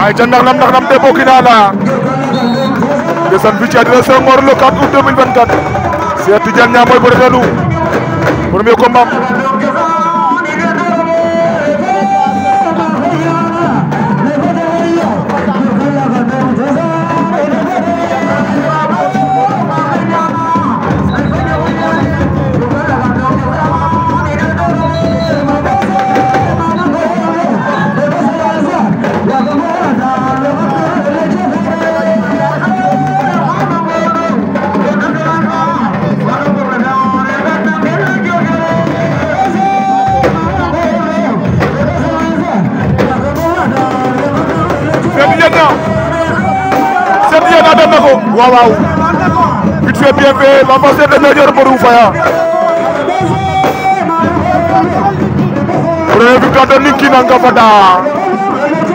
ay ca ndax nam ndax de debbo kinala ndeysaan fii ci Adrien Senghor le 4 août 2024 Cheikh Tidiane Niang mooy bëre nanu premier combat Sadio Ba dem na ko waaw waaw vite fait bien fait la force de meilleur Modou Faya première victoire de Niki Nanga Fada